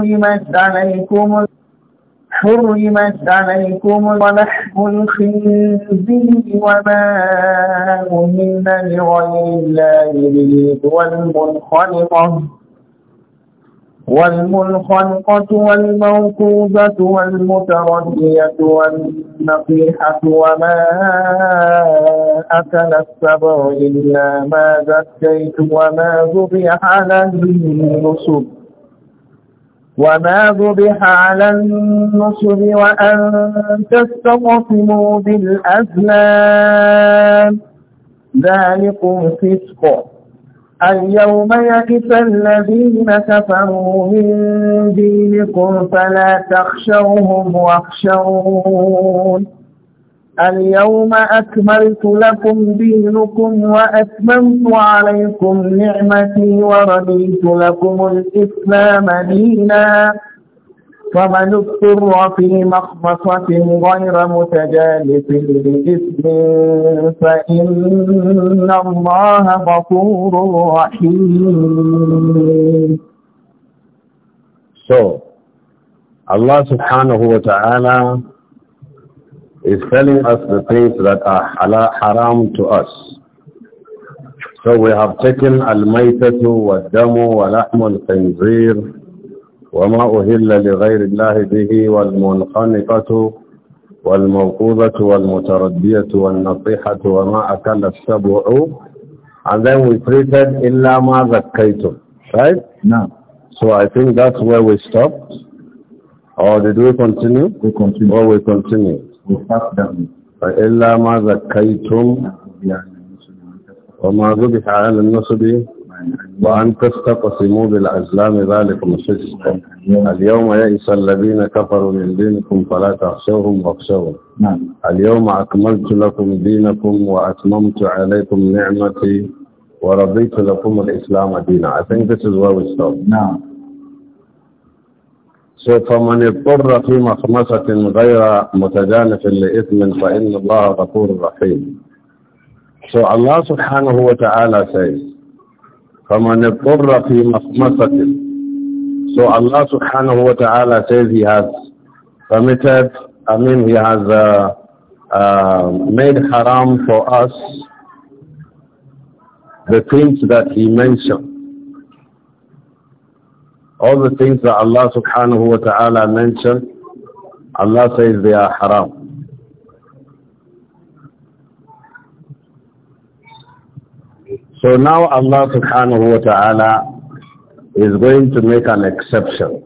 حرمت عليكم حرمت عليكم ولحم الخنزير وما أهل لغير الله به والمنخلقة والمنخلقة والموقوبة والمتردية والنقيحة وما أكل السبع إلا ما ذكيت وما ذبح على النصب وما ذبح على النصر وأن تستقسموا بالأزلام ذلكم فسق اليوم يكف الذين كفروا من دينكم فلا تخشوهم واخشون اليوم أكملت لكم دينكم وأتممت عليكم نعمتي ورديت لكم الإسلام دينا فمن اضطر في مخبصة غير متجالس لإثم فإن الله غفور رحيم. So, Allah subhanahu wa ta'ala is telling us the things that are halal, haram to us. So we have taken al-maytatu wa damu wa-lahmu al-khinzir وما أهل لغير الله به والمنخنقة والموقوذة والمتردية والنصيحة وما أكل السبع and then we treated illa ma ذكيتم right? No. So I think that's where we stopped or did we continue? We continue. Or we continue. إلا ما ذكيتم وما ذبح على النصب وأن تستقسموا بالأزلام ذلكم فسق اليوم يئس الذين كفروا من دينكم فلا تخشوهم واخشوهم اليوم أكملت لكم دينكم وأتممت عليكم نعمتي ورضيت لكم الإسلام دينا I think this is where we stop. No. So فمن اضطر في مخمصة غير متجانف لإثم فإن الله غفور رحيم. So Allah subhanahu wa ta'ala says, فمن اضطر في مخمصة. So Allah subhanahu wa ta'ala says he has permitted, I mean he has uh, uh, made haram for us the things that he mentioned. All the things that Allah subhanahu wa ta'ala mentioned, Allah says they are haram. So now Allah subhanahu wa ta'ala is going to make an exception.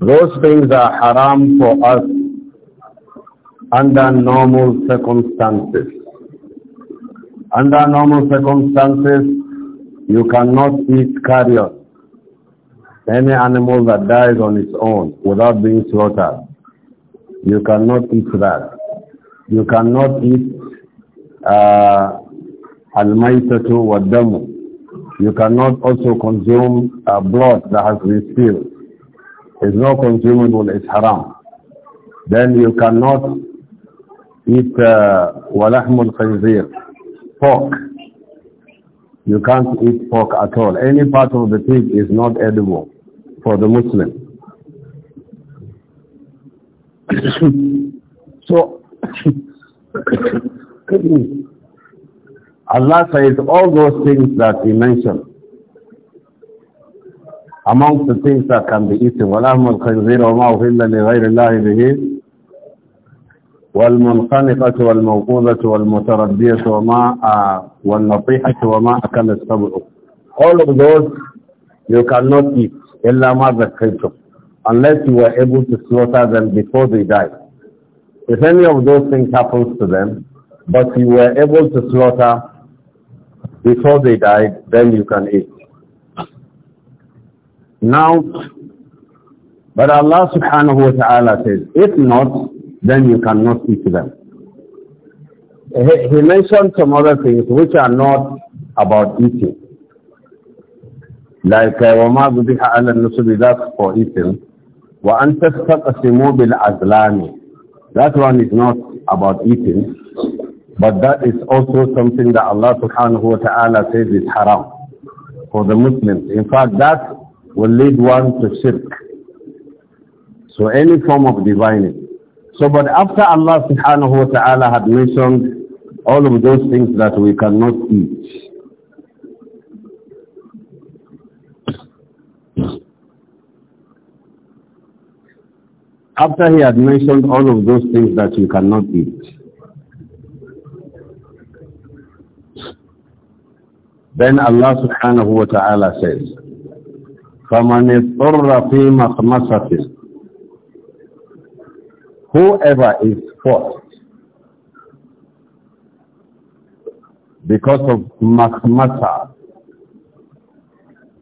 Those things are haram for us under normal circumstances. Under normal circumstances, you cannot eat carrots any animal that dies on its own without being slaughtered, you cannot eat that. You cannot eat uh, al-maitatu wa damu. You cannot also consume uh, blood that has been spilled. It's not consumable, it's haram. Then you cannot eat walahmul uh, khinzir, pork. You can't eat pork at all. Any part of the pig is not edible for the Muslim. so, Allah says all those things that He mentioned amongst the things that can be eaten. وَلَهْمُ الْخَنْزِيرَ وَمَا أُهِلَّ لِغَيْرِ اللَّهِ بِهِ والمنخنقة والموقوذة وما والنطيحة وما أكل السبع all of those you cannot eat Unless you were able to slaughter them before they died. If any of those things happens to them, but you were able to slaughter before they died, then you can eat. Now, but Allah subhanahu wa ta'ala says, if not, then you cannot eat them. He, he mentioned some other things which are not about eating like وَمَا ذُبِحَ عَلَى النُّصُبِ That's for eating. وَأَن تَسْتَقْسِمُوا بِالْعَزْلَانِ That one is not about eating, but that is also something that Allah subhanahu wa ta'ala says is haram for the Muslims. In fact, that will lead one to shirk. So any form of divining. So but after Allah subhanahu wa ta'ala had mentioned all of those things that we cannot eat, after he had mentioned all of those things that you cannot eat, then Allah subhanahu wa ta'ala says, فَمَنِ اضْطُرَّ فِي مَخْمَسَةٍ Whoever is forced because of makhmasa,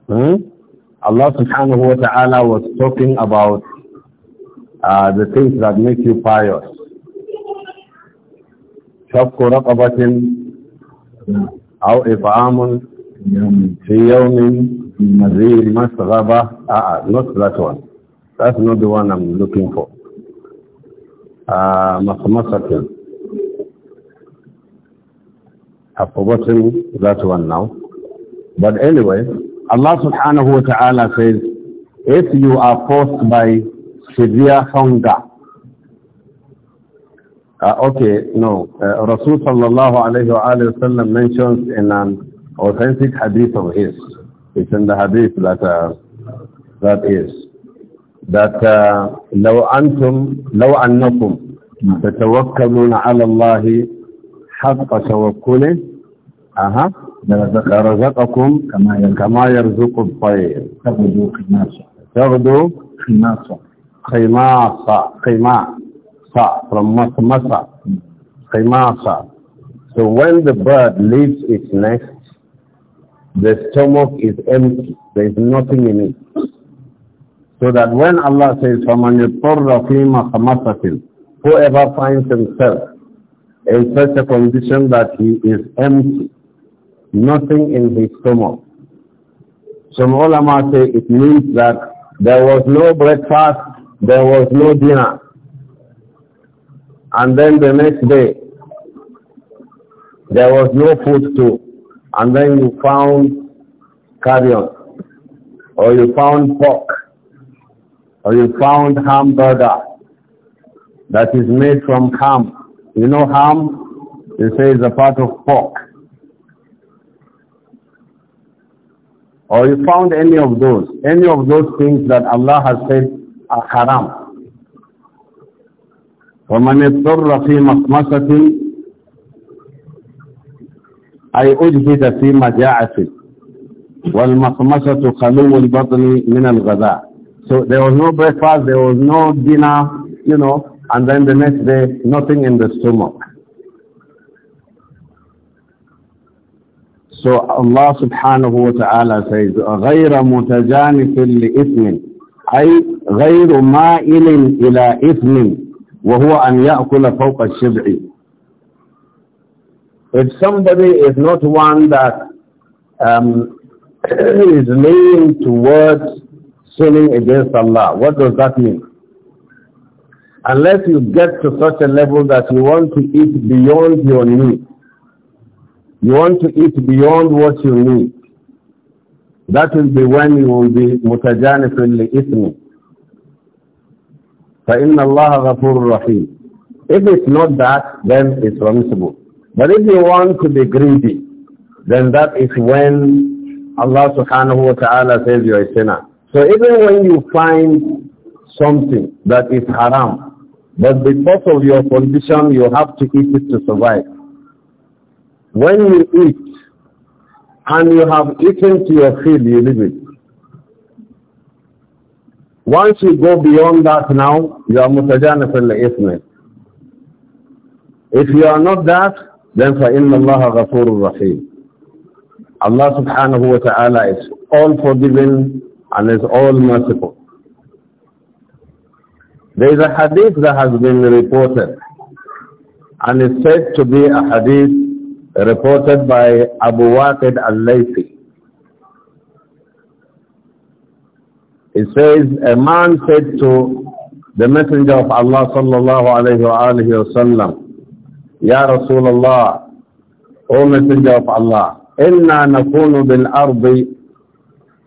hmm? Allah subhanahu wa ta'ala was talking about uh, the things that make you pious. شفق رقبة أو إطعام في يوم ذي مسغبة uh, uh, not that one that's not the one I'm looking for uh, مخمصة I've forgotten that one now but anyway Allah subhanahu wa ta'ala says if you are forced by severe hunger. Uh, okay, no. Uh, Rasul sallallahu alayhi wa, sallam mentions in an authentic hadith of his, it's in the hadith that, uh, that is, that لو أنتم لو أنكم تتوكلون على الله حق توكله أها لرزقكم كما يرزق الطير تغدو خناصة تغدو خناصة Khimasa, Khima, from Masa, Khimasa. So when the bird leaves its nest, the stomach is empty. There is nothing in it. So that when Allah says, فَمَنْ يُطْرَّ فِي مَخَمَسَةٍ Whoever finds himself in such a condition that he is empty, nothing in his stomach. Some ulama say it means that there was no breakfast there was no dinner. And then the next day, there was no food too. And then you found carrion, or you found pork, or you found hamburger that is made from ham. You know ham, they say is a part of pork. Or you found any of those, any of those things that Allah has said ومن اضطر في أي أجهد في مجاعة خلو البطن من الغذاء So there was no breakfast, there was no dinner, you know, and then the next day, nothing in the stomach. So Allah subhanahu wa ta'ala says, غَيْرَ مُتَجَانِفٍ لِإِثْمٍ أي غير مائل إلى إثم وهو أن يأكل فوق الشبع If somebody is not one that um, is leaning towards sinning against Allah, what does that mean? Unless you get to such a level that you want to eat beyond your need, you want to eat beyond what you need, that will be when you will be متجانف لإثم. فإن الله غفور رحيم. If it's not that, then it's permissible. But if you want to be greedy, then that is when Allah subhanahu wa ta'ala says you are a sinner. So even when you find something that is haram, but because of your condition you have to eat it to survive. When you eat, and you have eaten to your fill, you leave it. Once you go beyond that now, you are mutajanif al-ithmi. If you are not that, then فَإِنَّ Allah ghafurur rahim. Allah subhanahu wa ta'ala is all forgiving and is all merciful. There is a hadith that has been reported and is said to be a hadith reported by Abu Waqid al-Laythi. It says, a man said to the Messenger of Allah sallallahu alayhi wa alayhi wa sallam, Ya Rasulullah, O Messenger of Allah, إِنَّا نَكُونُ بِالْأَرْضِ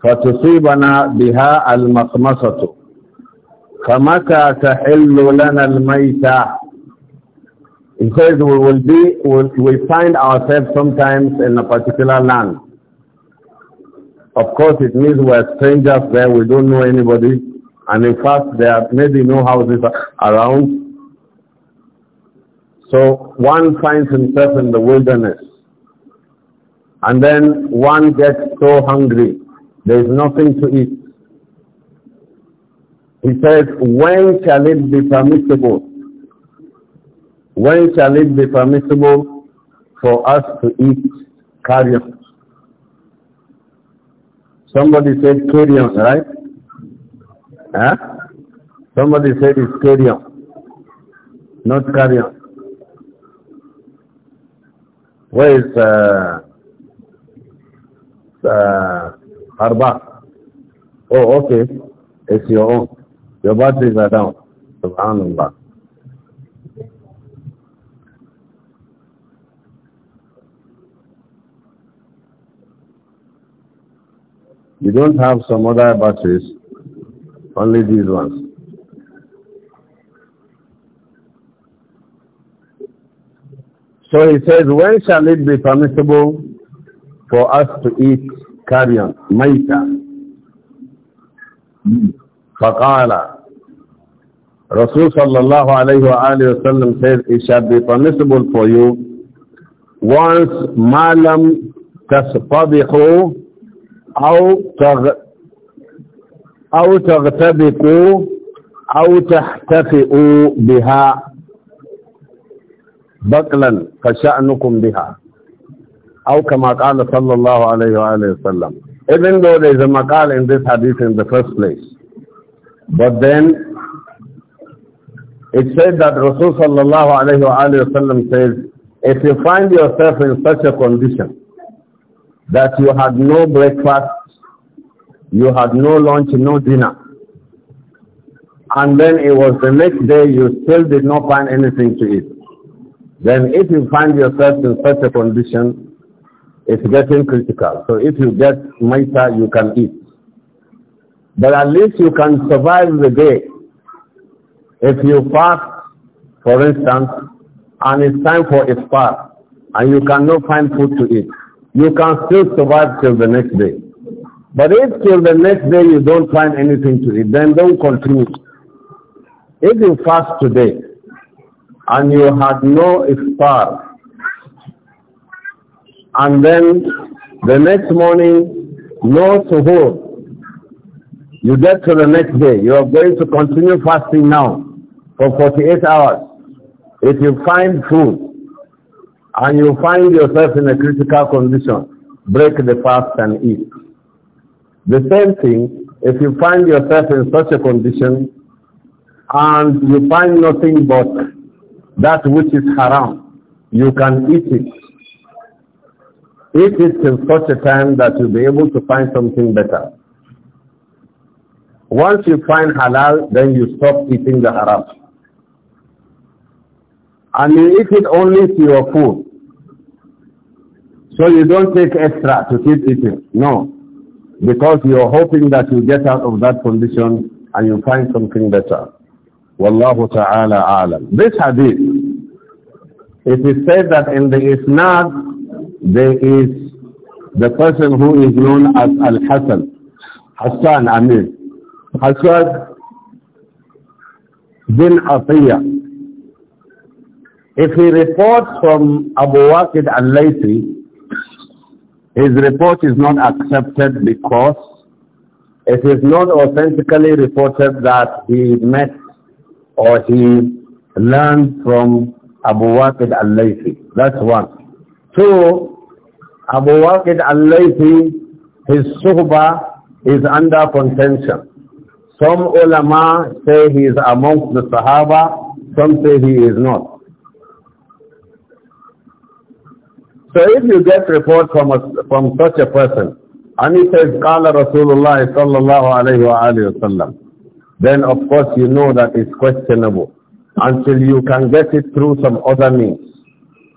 فَتُصِيبَنَا بِهَا الْمَخْمَصَةُ فَمَتَى تَحِلُّ لَنَا الْمَيْتَةُ Because we will be, we find ourselves sometimes in a particular land. Of course, it means we're strangers there, we don't know anybody, and in fact, there are maybe no houses around. So one finds himself in the wilderness. And then one gets so hungry, there is nothing to eat. He says, when shall it be permissible when shall it be permissible for us to eat carrion? Somebody said carrion, right? Huh? Somebody said it's carrion, not carrion. Where is uh, uh, Arba? Oh, okay. It's your own. Your batteries are down. SubhanAllah. You don't have some other batteries, only these ones. So he says, when shall it be permissible for us to eat carrion, maita? Faqala. Rasul sallallahu alayhi wa alayhi wa says, it shall be permissible for you once malam tasfabihu أو تغ أو تغتبطوا أو تحتفئوا بها بطلا فشأنكم بها أو كما قال صلى الله عليه وآله وسلم even though there is a maqal in this hadith in the first place but then it said that Rasul sallallahu alayhi wa sallam says if you find yourself in such a condition that you had no breakfast, you had no lunch, no dinner. And then it was the next day you still did not find anything to eat. Then if you find yourself in such a condition, it's getting critical. So if you get maita, you can eat. But at least you can survive the day. If you fast, for instance, and it's time for iftar, and you cannot find food to eat, you can still survive till the next day. But if till the next day you don't find anything to eat, then don't continue. If you fast today and you had no iftar, and then the next morning no suhoor, you get to the next day, you are going to continue fasting now for 48 hours. If you find food, and you find yourself in a critical condition, break the fast and eat. The same thing, if you find yourself in such a condition and you find nothing but that which is haram, you can eat it. Eat it till such a time that you'll be able to find something better. Once you find halal, then you stop eating the haram and you eat it only to your food. So you don't take extra to keep eating. No. Because you're hoping that you get out of that condition and you find something better. Wallahu ta'ala alam. This hadith, it is said that in the Isnad, there is the person who is known as Al-Hassan. Hassan Amir. Hassan bin Atiyah. If he reports from Abu Waqid al-Laythi, his report is not accepted because it is not authentically reported that he met or he learned from Abu Waqid al-Laythi. That's one. Two, Abu Waqid al-Laythi, his suhba is under contention. Some ulama say he is amongst the Sahaba, some say he is not. So if you get report from, a, from such a person, and he says, Kala Rasulullah sallallahu صلى الله then of course you know that it's questionable until you can get it through some other means.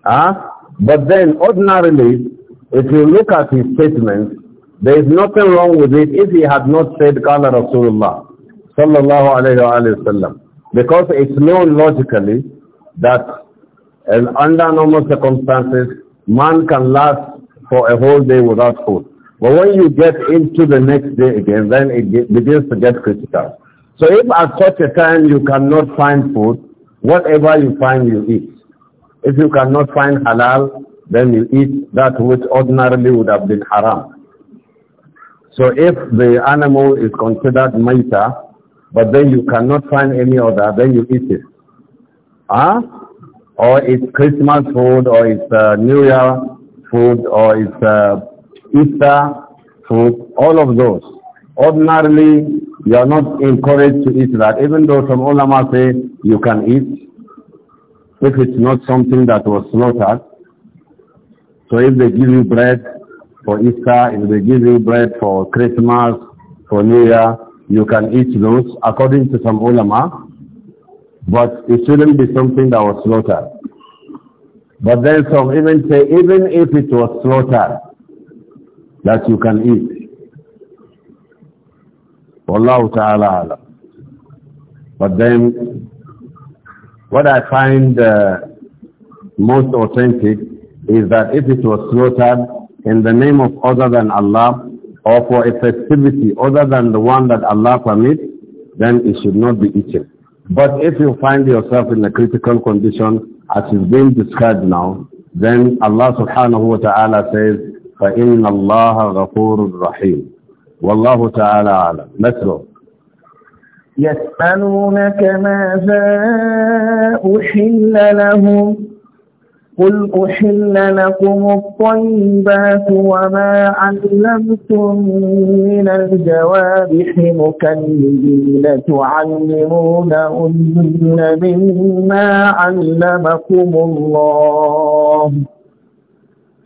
Huh? Ah? But then ordinarily, if you look at his statement, there is nothing wrong with it if he had not said Kala Rasulullah sallallahu صلى الله Because it's known logically that and uh, under normal circumstances, Man can last for a whole day without food. But when you get into the next day again, then it get, begins to get critical. So if at such a time you cannot find food, whatever you find, you eat. If you cannot find halal, then you eat that which ordinarily would have been haram. So if the animal is considered maita, but then you cannot find any other, then you eat it. Huh? Ah? or it's Christmas food, or it's uh, New Year food, or it's uh, Easter food, all of those. Ordinarily, you are not encouraged to eat that, even though some ulama say you can eat, if it's not something that was slaughtered. So if they give you bread for Easter, if they give you bread for Christmas, for New Year, you can eat those according to some ulama. But it shouldn't be something that was slaughtered. But then some even say, even if it was slaughtered, that you can eat. Wallahu ta'ala But then, what I find uh, most authentic is that if it was slaughtered in the name of other than Allah, or for a festivity other than the one that Allah permits, then it should not be eaten. But if you find yourself in a critical condition, as is being described now, then Allah subhanahu wa ta'ala says, فَإِنَّ اللَّهَ غَفُورٌ رَحِيمٌ وَاللَّهُ تَعَالَى عَلَى Let's go. يسألونك ماذا أحل لهم قل أحل لكم الطيبات وما علمتم من الجوارح تعلمون أن مما علمكم الله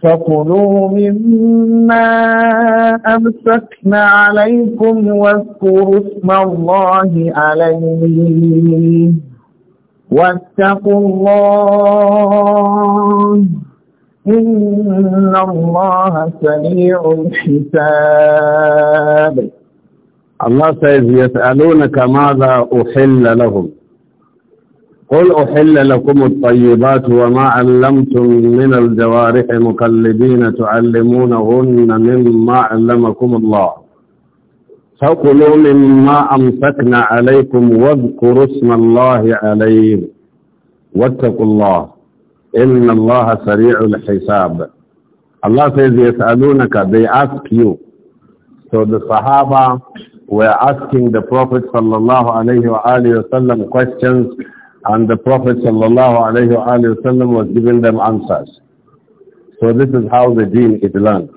فكلوا مما أمسكن عليكم واذكروا اسم الله عليه واتقوا الله إن الله سريع الحساب الله says يسألونك ماذا أحل لهم قل أحل لكم الطيبات وما علمتم من الجوارح مكلبين تعلمونهن مما علمكم الله فكلوا مما أمسكنا عليكم واذكروا اسم الله عليه واتقوا الله إن الله سريع الحساب الله says يسألونك they ask you so the Sahaba were asking the Prophet صلى الله عليه وآله وسلم questions and the Prophet صلى الله عليه وآله وسلم was giving them answers so this is how the deen is learned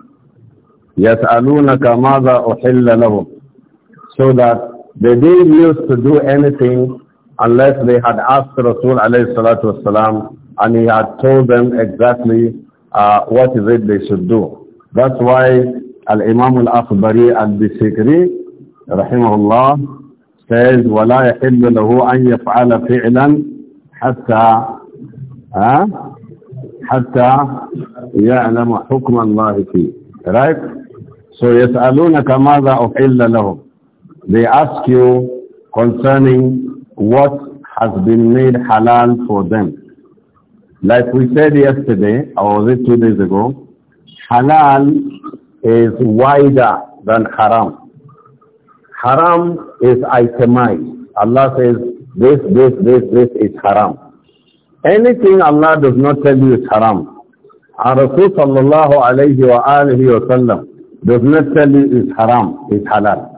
يسألونك ماذا أحل لهم so that they didn't used to do anything unless they had asked Rasul alayhi salatu wasalam and he had told them exactly uh, what is it they should do. That's why Al-Imam Al-Akhbari Al-Bisikri rahimahullah says وَلَا يَحِلُّ لَهُ أَن يَفْعَلَ فِعْلًا حَتَّى ها حتى يعلم حكم الله فيه right so يسألونك ماذا أحل لهم they ask you concerning what has been made halal for them. Like we said yesterday, or was it two days ago, halal is wider than haram. Haram is itemized. Allah says, this, this, this, this is haram. Anything Allah does not tell you is haram. Our Rasul sallallahu alayhi wa alihi wa sallam does not tell you is haram, is halal.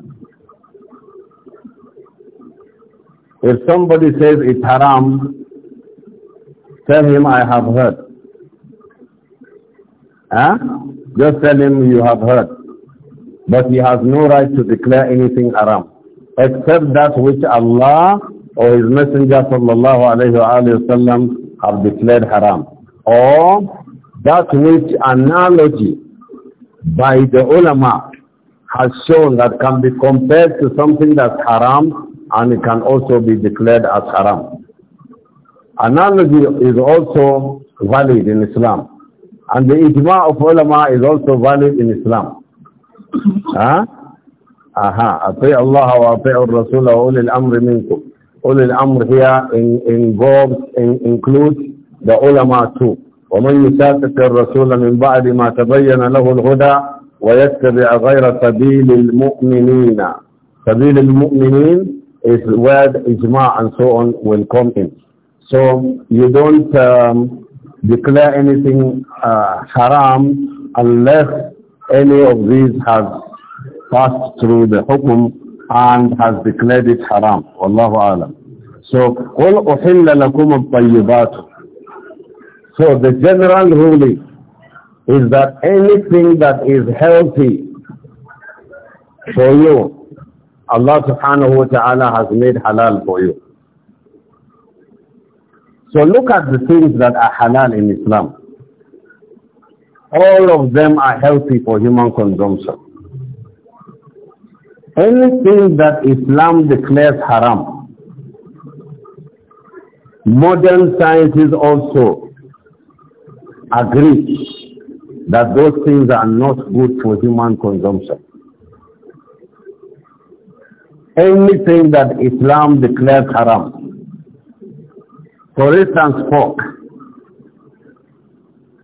If somebody says it's haram, tell him I have heard. Huh? Just tell him you have heard. But he has no right to declare anything haram. Except that which Allah or His Messenger sallallahu alayhi wa sallam have declared haram. Or that which analogy by the ulama has shown that can be compared to something that's haram and it can also be declared as haram. Analogy is also valid in Islam. And the ijma of ulama is also valid in Islam. huh? Aha. Ati Allah wa ati'ur Rasul wa ulil amri minkum. Ulil amr here in, involves, in, includes the ulama too. ومن يشاقق الرسول من بعد ما تبين له الهدى ويتبع غير سبيل المؤمنين سبيل المؤمنين is word ijma and so on will come in. So you don't um, declare anything uh, haram unless any of these has passed through the hukum and has declared it haram. Wallahu alam. So, قُلْ أُحِلَّ لَكُمُ الطَّيِّبَاتُ So the general ruling is that anything that is healthy for you Allah subhanahu wa ta'ala has made halal for you. So look at the things that are halal in Islam. All of them are healthy for human consumption. Anything that Islam declares haram, modern sciences also agree that those things are not good for human consumption anything that Islam declares haram. For instance, pork.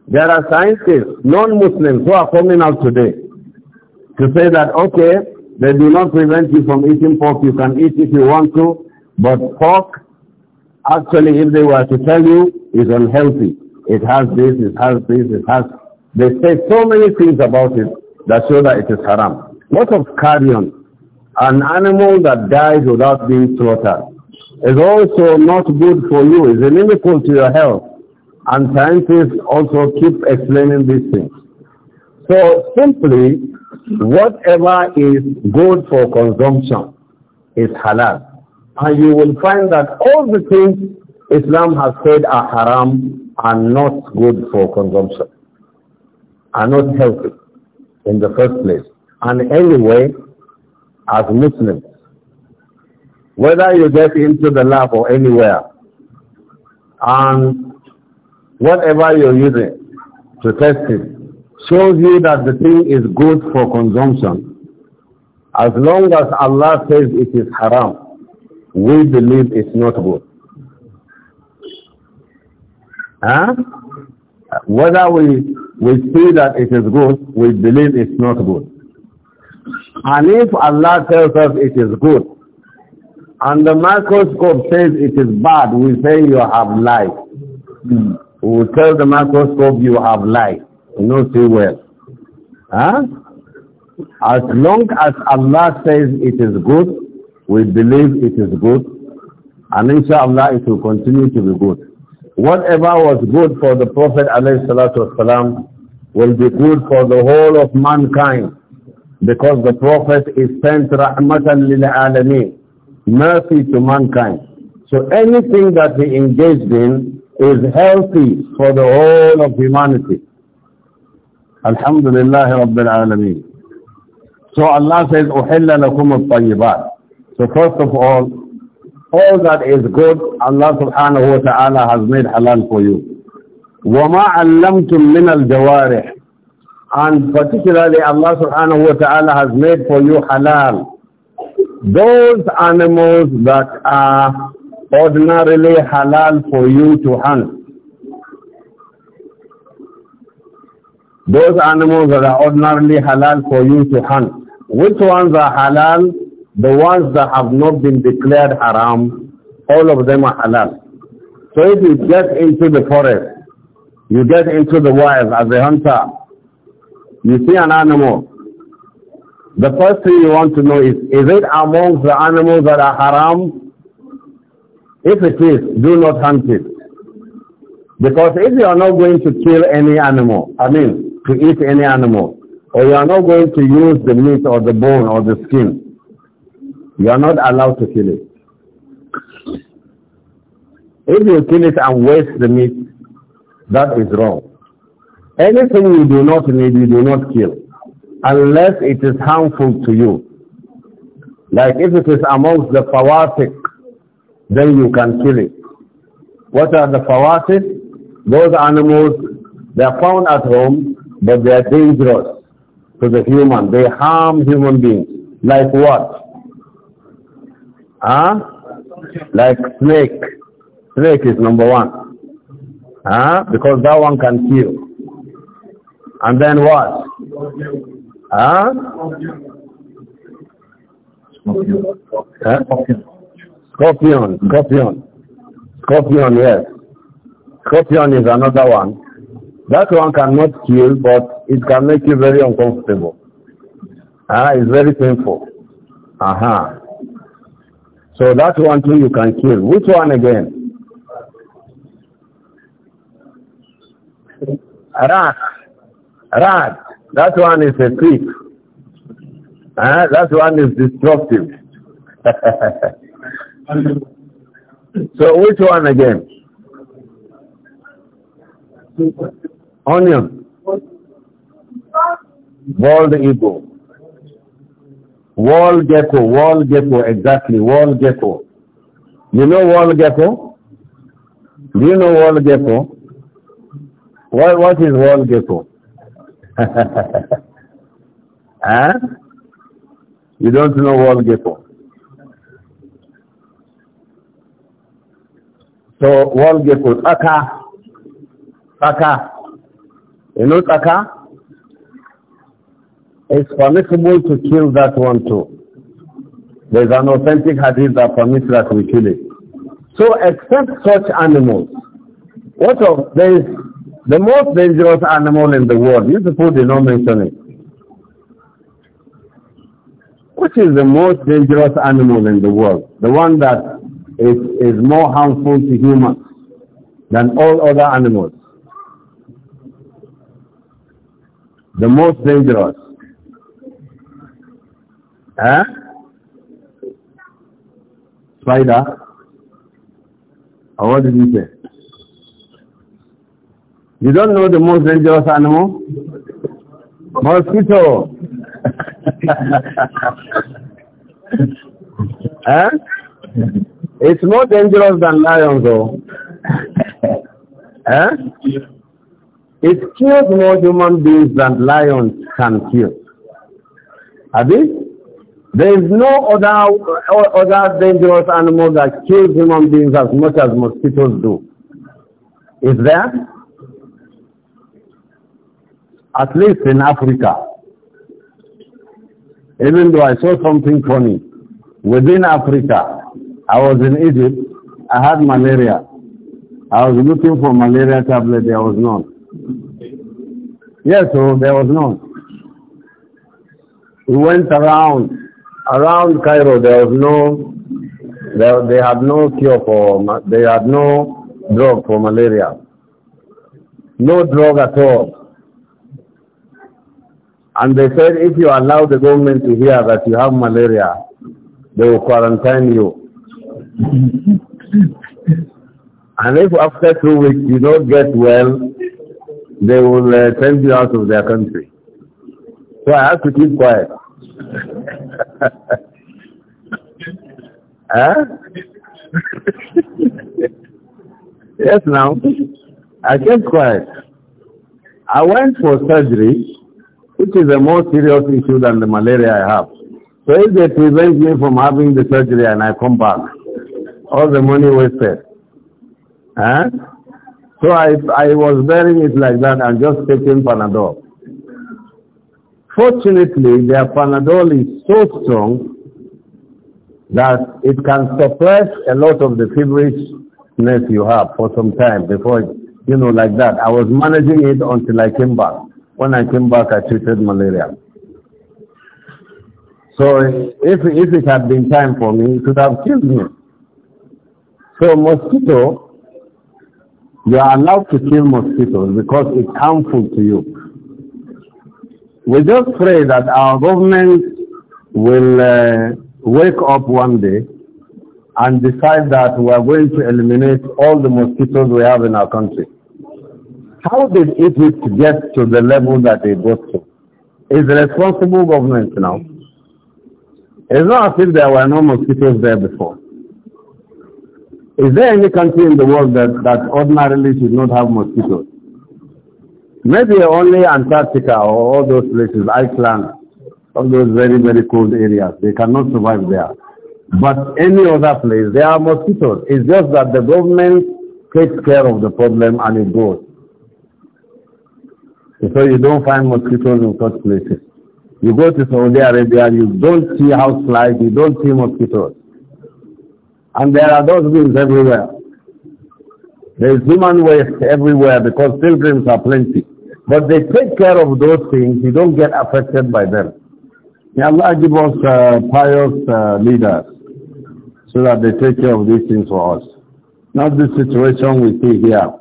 There are scientists, non-Muslims, who are coming out today to say that, okay, they do not prevent you from eating pork. You can eat if you want to, but pork, actually, if they were to tell you, is unhealthy. It has this, it has this, it has... They say so many things about it that show that it is haram. Lots of carrion an animal that dies without being slaughtered is also not good for you. It's inimical to your health. And scientists also keep explaining these things. So simply, whatever is good for consumption is halal. And you will find that all the things Islam has said are haram are not good for consumption, are not healthy in the first place. And anyway, as Muslims. Whether you get into the lab or anywhere, and whatever you're using to test it shows you that the thing is good for consumption. As long as Allah says it is haram, we believe it's not good. Huh? Whether we, we see that it is good, we believe it's not good. And if Allah tells us it is good, and the microscope says it is bad, we say you have lied. Mm. We tell the microscope you have lied. No, see well. Huh? As long as Allah says it is good, we believe it is good, and inshallah it will continue to be good. Whatever was good for the Prophet ﷺ will be good for the whole of mankind. Because the Prophet is sent rahmatan lil alameen, mercy to mankind. So anything that he engaged in is healthy for the whole of humanity. Alhamdulillah Rabbil Alameen. So Allah says, أُحِلَّ لَكُمُ الطَّيِّبَاتِ So first of all, all that is good, Allah subhanahu wa ta'ala has made halal for you. وَمَا عَلَّمْتُم مِّنَ الْجَوَارِحِ and particularly Allah subhanahu wa ta'ala has made for you halal. Those animals that are ordinarily halal for you to hunt. Those animals that are ordinarily halal for you to hunt. Which ones are halal? The ones that have not been declared haram, all of them are halal. So if you get into the forest, you get into the wild as a hunter, you see an animal. The first thing you want to know is, is it amongst the animals that are haram? If it is, do not hunt it. Because if you are not going to kill any animal, I mean, to eat any animal, or you are not going to use the meat or the bone or the skin, you are not allowed to kill it. If you kill it and waste the meat, that is wrong. Anything you do not need, you do not kill, unless it is harmful to you. Like if it is amongst the fawatik, then you can kill it. What are the fawatik? Those animals, they are found at home, but they are dangerous to the human. They harm human beings. Like what? Huh? Like snake. Snake is number one. Huh? Because that one can kill. And then what? Huh? Scorpion. Huh? Scorpion. Scorpion. Scorpion. yes. Scorpion is another one. That one cannot kill, but it can make you very uncomfortable. Ah, uh, it's very painful. Uh -huh. So that one too you can kill. Which one again? Rat. Rat, that one is a thief. Uh, that one is destructive. so which one again? Onion. Bald eagle. Wall gecko, wall gecko, exactly, wall gecko. You know wall gecko? Do you know wall gecko? What, what is wall gecko? and You don't know what gecko. So what gecko? Aka. Aka. You know Aka? It's permissible to kill that one too. There's an authentic hadith that permits that we kill it. So except such animals, what of there is the most dangerous animal in the world, you people did not mention it. Which is the most dangerous animal in the world? The one that is, is more harmful to humans than all other animals. The most dangerous. Huh? Spider? Or what did you say? You don't know the most dangerous animal? Mosquito. huh? Eh? It's more dangerous than lions though. huh? Eh? It kills more human beings than lions can kill. Abi? There is no other other dangerous animal that kills human beings as much as mosquitoes do. Is there? at least in Africa. Even though I saw something funny, within Africa, I was in Egypt, I had malaria. I was looking for malaria tablet, there was none. Yes, so there was none. We went around, around Cairo, there was no, they had no cure for, they had no drug for malaria. No drug at all. And they said, if you allow the government to hear that you have malaria, they will quarantine you. and if after two weeks you don't get well, they will uh, send you out of their country. So I have to keep quiet. huh? yes, now. I kept quiet. I went for surgery which is a more serious issue than the malaria I have. So if they prevent me from having the surgery and I come back, all the money wasted. Huh? So I, I was bearing it like that and just taking Panadol. Fortunately, their Panadol is so strong that it can suppress a lot of the feverishness you have for some time before, it, you know, like that. I was managing it until I came back. wannan kin baka treated malaria. So if, if it had been time for me, it would have killed me. So mosquito, you are allowed to kill mosquitoes because it's harmful to you. We just pray that our government will uh, wake up one day and decide that we are going to eliminate all the mosquitoes we have in our country. How did Egypt get to the level that they got to? It's responsible government now. It's not as if there were no mosquitoes there before. Is there any country in the world that, that ordinarily should not have mosquitoes? Maybe only Antarctica or all those places, Iceland, all those very, very cold areas. They cannot survive there. But any other place, there are mosquitoes. It's just that the government takes care of the problem and it goes. So you don't find mosquitoes in such places. You go to Saudi Arabia, you don't see house flies, you don't see mosquitoes. And there are those things everywhere. There is human waste everywhere because pilgrims are plenty. But they take care of those things, you don't get affected by them. May Allah give us uh, pious uh, leaders so that they take care of these things for us. Not the situation we see here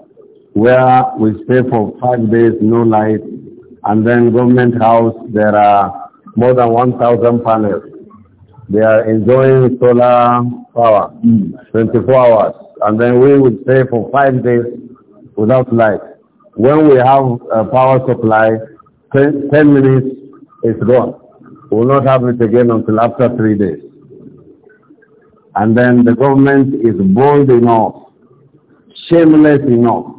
where we stay for five days, no light, and then government house, there are more than 1,000 panels. They are enjoying solar power, mm. 24 hours, and then we would stay for five days without light. When we have a power supply, 10, ten minutes is gone. We will not have it again until after three days. And then the government is bold enough, shameless enough,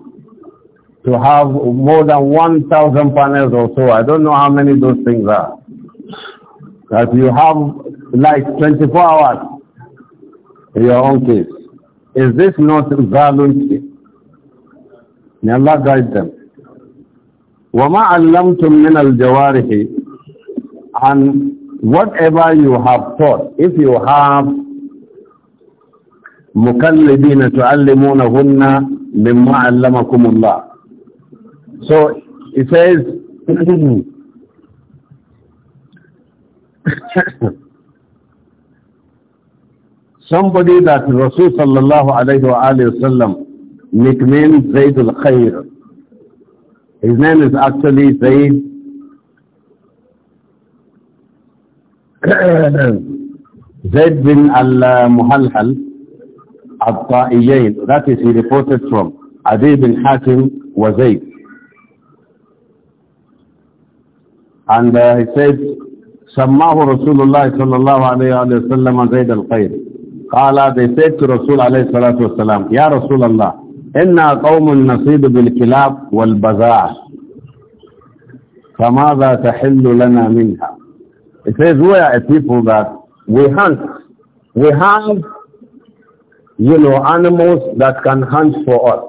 to have more than 1,000 panels or so. I don't know how many those things are. That you have like 24 hours in your own case. Is this not voluntary? May Allah guide them. وَمَا عَلَّمْتُم مِّنَ الْجَوَارِحِ And whatever you have taught, if you have مُكَلِّبِينَ تُعَلِّمُونَهُنَّ مِمَّا عَلَّمَكُمُ اللَّهِ So it says, somebody that Rasul sallallahu alayhi wa sallam nicknamed Zayd al-Khair. His name is actually Zayd Zayd bin al-Muhalhal al-Ta'iyayn. That is he reported from Adi bin Hatim wa Zayd. And uh, he said, Shammahu Rasulullah sallallahu alayhi wa sallam Zayd al-Qayr. Qala, they said to Rasul alayhi wa sallam, Ya Rasulullah, Inna qawmun nasibu bil kilab wal bazaar. Famaza tahillu lana minha. He says, we are a people that we hunt. We have, you know, animals that can hunt for us.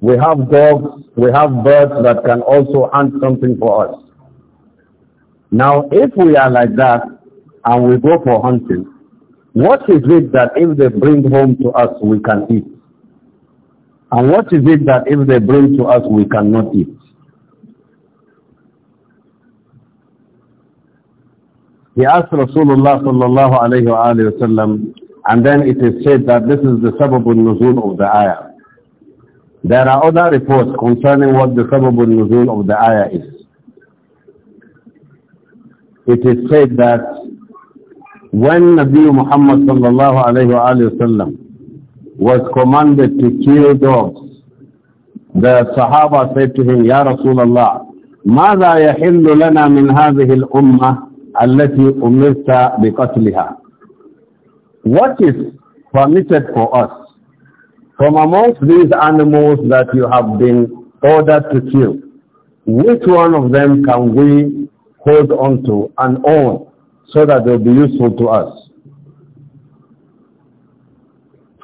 We have dogs, we have birds that can also hunt something for us. Now, if we are like that and we go for hunting, what is it that if they bring home to us, we can eat? And what is it that if they bring to us, we cannot eat? He asked Rasulullah sallallahu alayhi wa and then it is said that this is the sababun nuzul of the ayah. There are other reports concerning what the sababun nuzul of the ayah is it is said that when Nabi Muhammad sallallahu alayhi wasallam was commanded to kill dogs, the Sahaba said to him, Ya Rasulullah, ماذا يحل لنا من هذه الأمة التي أمرت بقتلها? What is permitted for us from amongst these animals that you have been ordered to kill? Which one of them can we hold on to and own so that they'll be useful to us.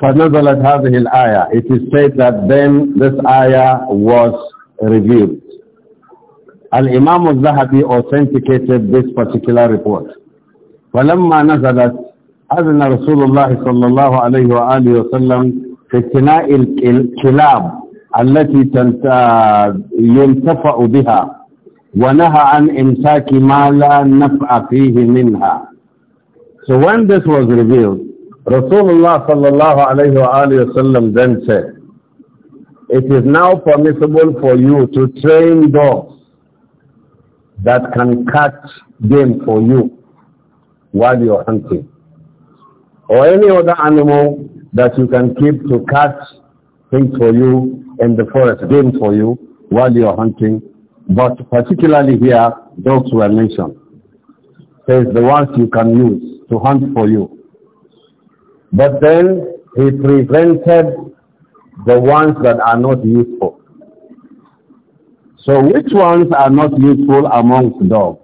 فَنَزَلَتْ هَذِهِ الْآيَةِ It is said that then this ayah was revealed. Al-Imam al-Zahabi authenticated this particular report. فَلَمَّا نَزَلَتْ أذن رسول الله صلى الله عليه وآله وسلم في اقتناء الكلاب التي ينتفع بها عَنْ إِمْسَاكِ مَا لَا نَفْعَ فِيهِ مِنْهَا So when this was revealed, Rasulullah sallallahu alayhi wa alayhi then said, It is now permissible for you to train dogs that can catch game for you while you're hunting. Or any other animal that you can keep to catch things for you in the forest, game for you while you're hunting but particularly here, those were mentioned. Says the ones you can use to hunt for you. But then he prevented the ones that are not useful. So which ones are not useful amongst dogs?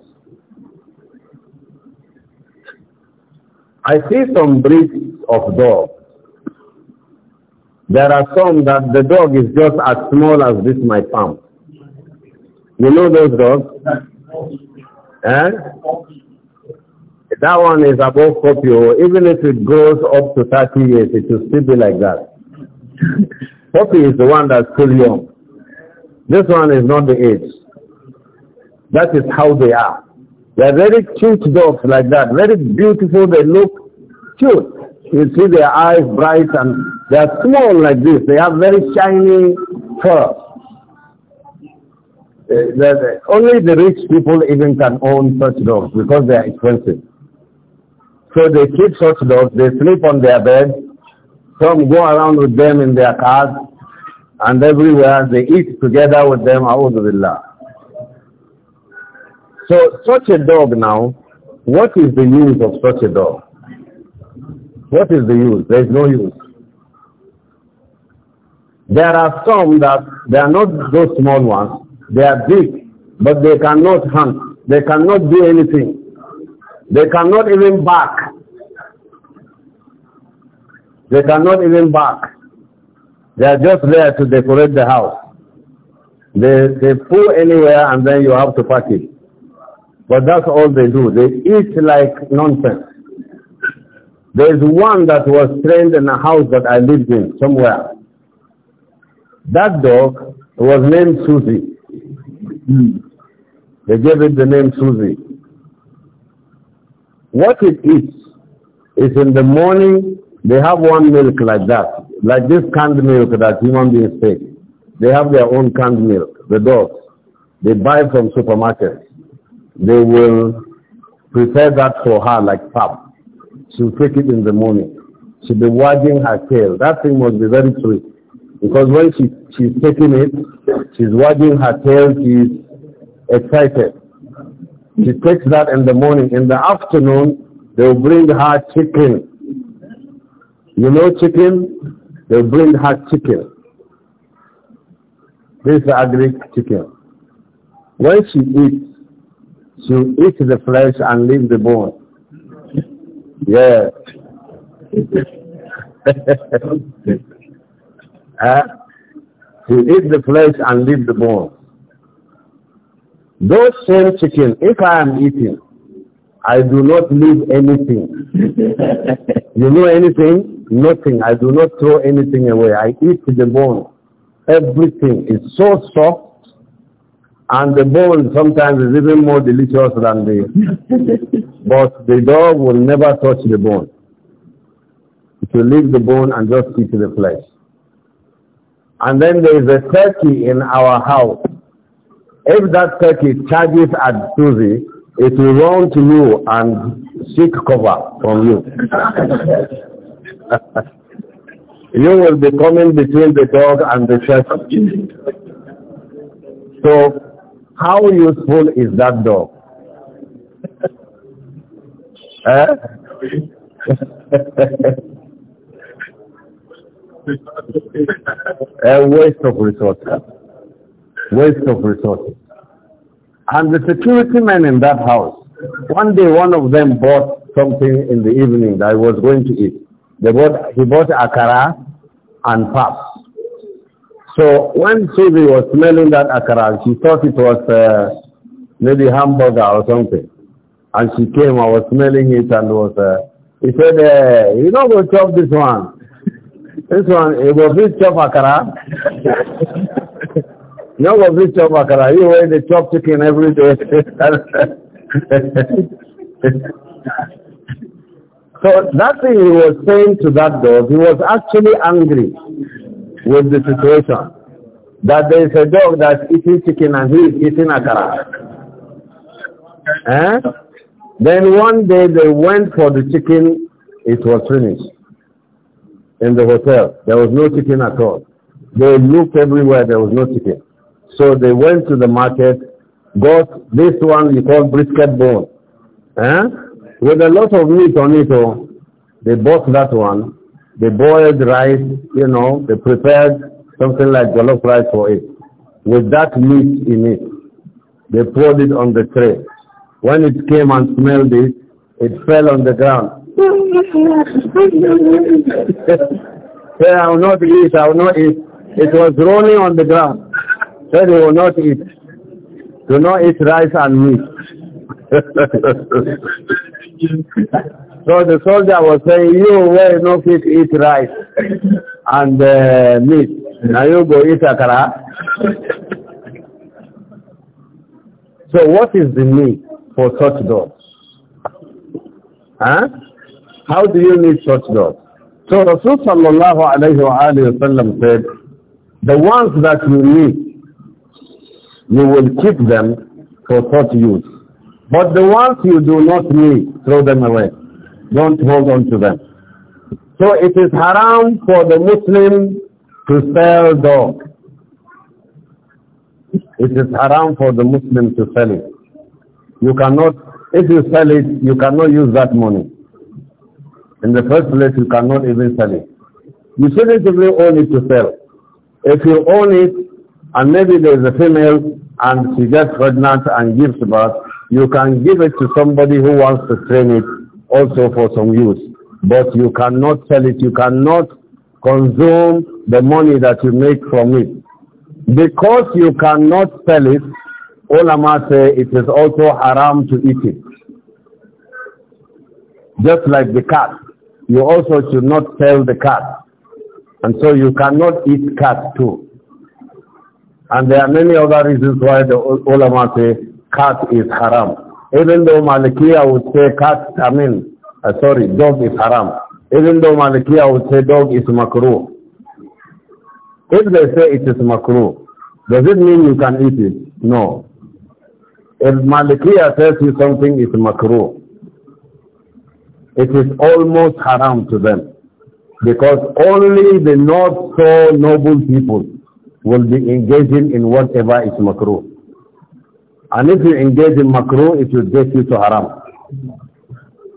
I see some breeds of dogs. There are some that the dog is just as small as this my palm. You know those dogs? Eh? That one is above Popio. Oh. Even if it grows up to 30 years, it will still be like that. Poppy is the one that's still young. This one is not the age. That is how they are. They are very cute dogs like that. Very beautiful. They look cute. You see their eyes bright and they are small like this. They have very shiny fur the, only the rich people even can own such dogs because they are expensive. So they keep such dogs, they sleep on their beds, some go around with them in their cars, and everywhere they eat together with them, Alhamdulillah. So such a dog now, what is the use of such a dog? What is the use? There is no use. There are some that, they are not those small ones, they are big, but they cannot hunt. They cannot do anything. They cannot even bark. They cannot even bark. They are just there to decorate the house. They, they pull anywhere and then you have to pack it. But that's all they do. They eat like nonsense. There's one that was trained in a house that I lived in somewhere. That dog was named Susie. Hmm. They gave it the name Susie. What it is, is in the morning, they have one milk like that, like this canned milk that human beings take. They have their own canned milk, the dogs. They buy from supermarkets. They will prepare that for her like pap. She'll take it in the morning. She'll be wagging her tail. That thing must be very sweet. Because when she, she's taking it, she's wagging her tail, she's excited. She takes that in the morning. In the afternoon, they'll bring her chicken. You know chicken? They'll bring her chicken. This is great chicken. When she eats, she'll eat the flesh and leave the bone. Yeah. Huh? He eat the flesh and leave the bone. Those same chicken, if I am eating, I do not leave anything. you know anything? Nothing. I do not throw anything away. I eat the bone. Everything is so soft and the bone sometimes is even more delicious than the... but the dog will never touch the bone. It will leave the bone and just eat the flesh and then there is a turkey in our house. If that turkey charges at Susie, it will run to you and seek cover from you. you will be coming between the dog and the turkey. So how useful is that dog? eh? A waste of resources. Waste of resources. And the security men in that house, one day one of them bought something in the evening that I was going to eat. They bought, he bought akara and puffs. So when Susie was smelling that akara, she thought it was uh, maybe hamburger or something. And she came, I was smelling it and was, uh, he said, you know, we'll chop this one. This one, he was this chop akara. you know, was this chop akara. You wear the chop chicken every day. so that thing he was saying to that dog, he was actually angry with the situation. That there is a dog that's eating chicken and he is eating akara. Eh? Then one day they went for the chicken, it was finished in the hotel. There was no chicken at all. They looked everywhere. There was no chicken. So they went to the market, got this one you call brisket bone, eh? with a lot of meat on it. Oh. They bought that one. They boiled rice, you know, they prepared something like jollof rice for it. With that meat in it, they poured it on the tray. When it came and smelled it, it fell on the ground. yeah, I will not eat, I will not eat. It was rolling on the ground. Said he will not eat. Do not eat rice and meat. so the soldier was saying, you will not fit eat rice and uh, meat. Now you go eat akara. so what is the need for such dogs? Huh? How do you need such doors? So Rasul sallallahu alayhi wa sallam said, the ones that you need, you will keep them for such use. But the ones you do not need, throw them away. Don't hold on to them. So it is haram for the Muslim to sell dog. It is haram for the Muslim to sell it. You cannot, if you sell it, you cannot use that money. In the first place, you cannot even sell it. You shouldn't even own it to sell. If you own it, and maybe there is a female, and she gets pregnant and gives birth, you can give it to somebody who wants to train it also for some use. But you cannot sell it. You cannot consume the money that you make from it. Because you cannot sell it, ulama say it is also haram to eat it. Just like the cat you also should not sell the cat. And so you cannot eat cat too. And there are many other reasons why the ulama say cat is haram. Even though Malikiya would say cat, I mean, uh, sorry, dog is haram. Even though Malikiya would say dog is makruh. If they say it is makruh, does it mean you can eat it? No. If Malikiya tells you something is makruh, it is almost haram to them because only the not so noble people will be engaging in whatever is makruh. And if you engage in makruh, it will get you to haram.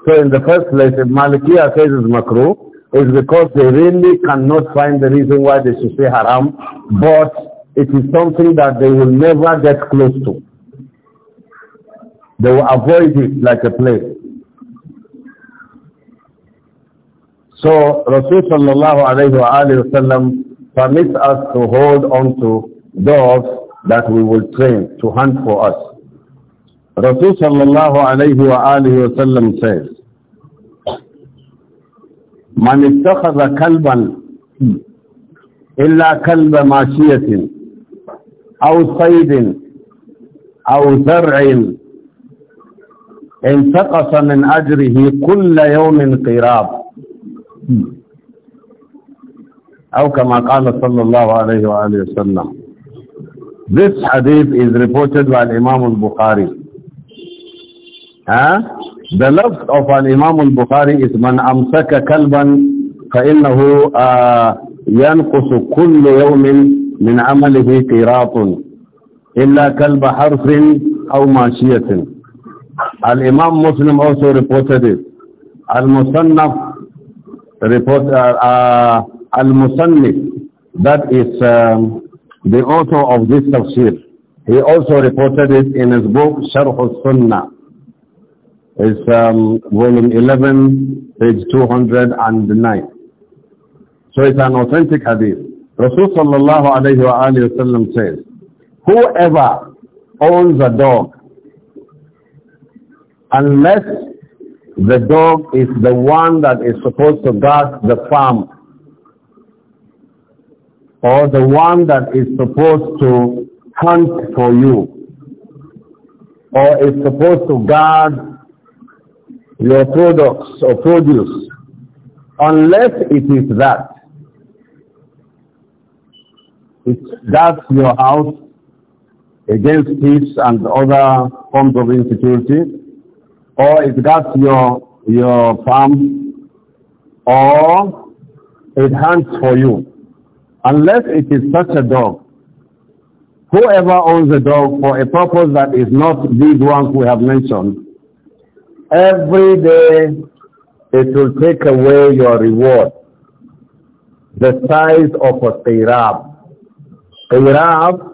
So in the first place, if Malikiya says it's makruh, it's because they really cannot find the reason why they should say haram, but it is something that they will never get close to. They will avoid it like a plague. So Rasul sallallahu alayhi wa, alayhi wa sallam permits us to hold on to dogs that we will train to hunt for us. Rasul sallallahu alayhi wa, alayhi wa sallam says, من اتخذ كلبا إلا كلب ماشية أو صيد أو زرع انتقص من أجره كل يوم قراب أو كما قال صلى الله عليه وآله وسلم This hadith is reported by Imam al-Bukhari. Huh? The love of an Imam al-Bukhari is من أمسك كلبا فإنه uh, ينقص كل يوم من عمله قراط إلا كلب حرف أو ماشية الإمام مسلم also reported it المصنف report uh, uh, al-musannif that is um, the author of this tafsir he also reported it in his book Sharh al-Sunnah it's um, volume 11 page 209 so it's an authentic hadith Rasul sallallahu alayhi alayhi wa sallam says whoever owns a dog unless the dog is the one that is supposed to guard the farm or the one that is supposed to hunt for you or is supposed to guard your products or produce unless it is that it guards your house against thieves and other forms of insecurity or if that's your, your farm, or it hunts for you. Unless it is such a dog. Whoever owns a dog for a purpose that is not these ones we have mentioned, every day it will take away your reward. The size of a qirab. Qirab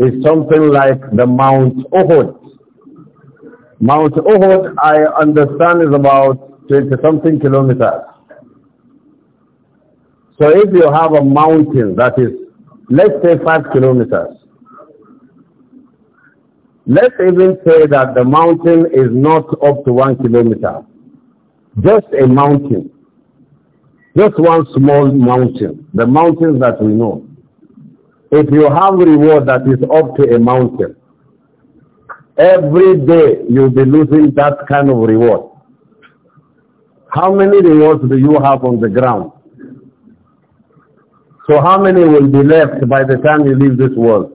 is something like the Mount Uhud. Mount Uhud, I understand, is about 20-something kilometers. So if you have a mountain that is, let's say 5 kilometers, let's even say that the mountain is not up to 1 kilometer, just a mountain, just one small mountain, the mountains that we know. If you have reward that is up to a mountain, Every day you'll be losing that kind of reward. How many rewards do you have on the ground? So how many will be left by the time you leave this world?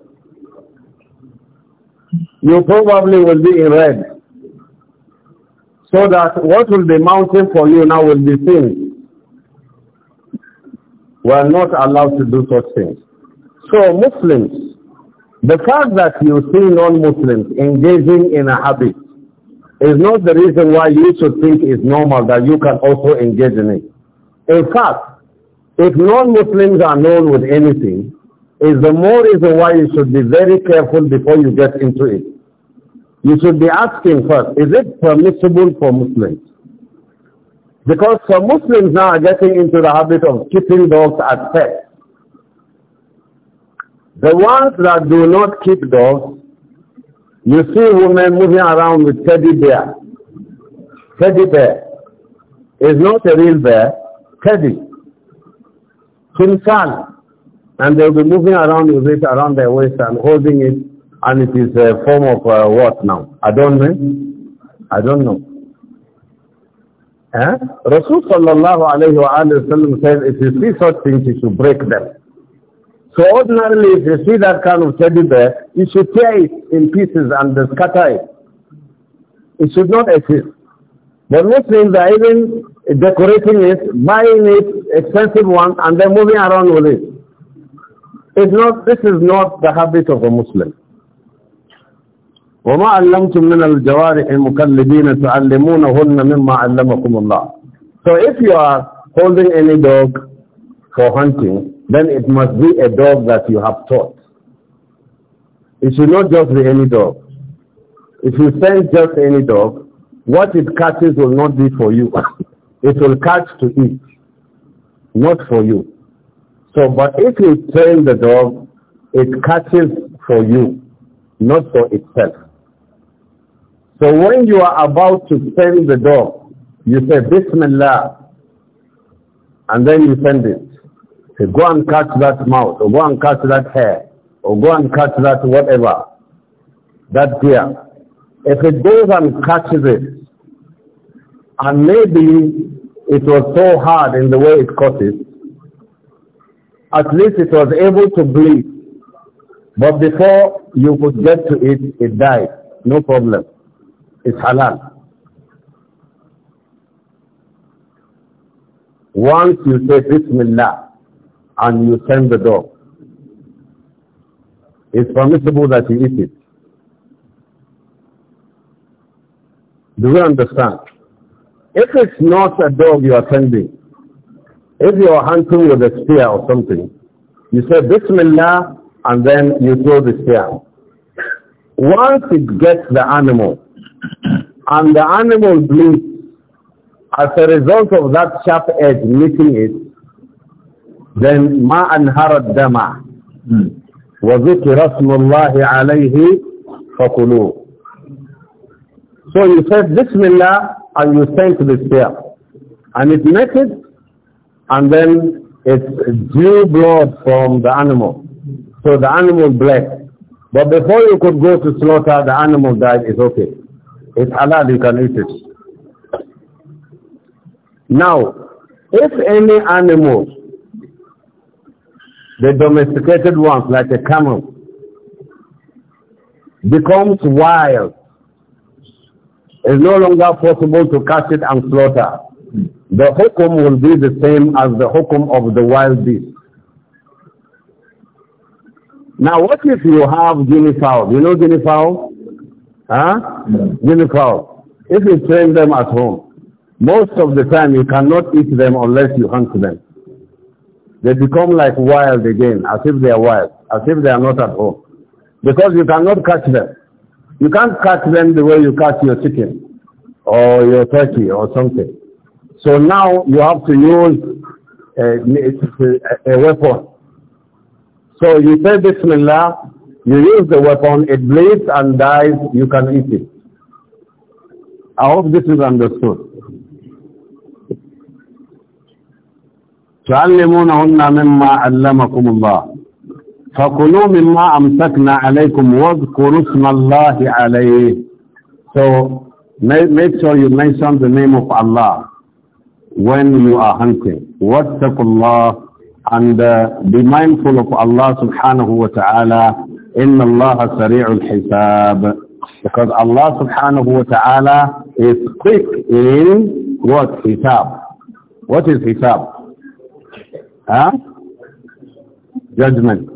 You probably will be in red. So that what will be mounting for you now will be seen. We are not allowed to do such things. So Muslims, the fact that you see non-Muslims engaging in a habit is not the reason why you should think it's normal that you can also engage in it. In fact, if non-Muslims are known with anything, is the more reason why you should be very careful before you get into it. You should be asking first, is it permissible for Muslims? Because some Muslims now are getting into the habit of keeping dogs as pets. The ones that do not keep those, you see women moving around with teddy bear. Teddy bear is not a real bear, teddy. Timsal. And they'll be moving around with it around their waist and holding it. And it is a form of uh, what now? Adornment? I don't know. Eh? Rasul sallallahu alayhi wa, alayhi wa sallam said, if you see such things, you should break them. So ordinarily, if you see that kind of teddy bear, you should tear it in pieces and scatter it. It should not exist. But Muslims are even decorating it, buying it, expensive one, and then moving around with it. It's not, this is not the habit of a Muslim. وما علمتم من الجوارح المكلبين تعلمونهن مما علمكم الله. So if you are holding any dog for hunting, then it must be a dog that you have taught. It should not just be any dog. If you send just any dog, what it catches will not be for you. it will catch to eat, not for you. So, but if you train the dog, it catches for you, not for itself. So when you are about to send the dog, you say, Bismillah, and then you send it. Say, go and cut that mouth, or go and cut that hair, or go and cut that whatever, that deer. If it goes and catches it, and maybe it was so hard in the way it caught it, at least it was able to bleed. But before you could get to it, it died. No problem. It's halal. Once you say Bismillah, and you send the dog. It's permissible that you eat it. Do you understand? If it's not a dog you are sending, if you are hunting with a spear or something, you say Bismillah and then you throw the spear. Once it gets the animal and the animal bleeds, as a result of that sharp edge meeting it, then ma anharat dama. Hmm. wa اسْمُ اللَّهِ عَلَيْهِ فَكُلُوا So you said Bismillah and you sent the spear. And it it, and then it drew blood from the animal. So the animal bled. But before you could go to slaughter, the animal died, it's okay. It's halal, you can eat it. Now, if any animal the domesticated ones like a camel, becomes wild. It's no longer possible to catch it and slaughter. The hukum will be the same as the hukum of the wild beast. Now what if you have guinea fowl? You know guinea fowl? Huh? No. Guinea fowl. If you train them at home, most of the time you cannot eat them unless you hunt them. They become like wild again, as if they are wild, as if they are not at home. Because you cannot catch them. You can't catch them the way you catch your chicken or your turkey or something. So now you have to use a, a, weapon. So you say Bismillah, you use the weapon, it bleeds and dies, you can eat it. I hope this is understood. تعلمونهن مما علمكم الله فكلوا مما أمسكنا عليكم واذكروا اسم الله عليه So make sure you mention the name of Allah when you are hunting. واتقوا الله and be mindful of Allah subhanahu wa ta'ala إن الله سريع الحساب because Allah subhanahu wa ta'ala is quick in what? حساب What is حساب Huh? Judgment.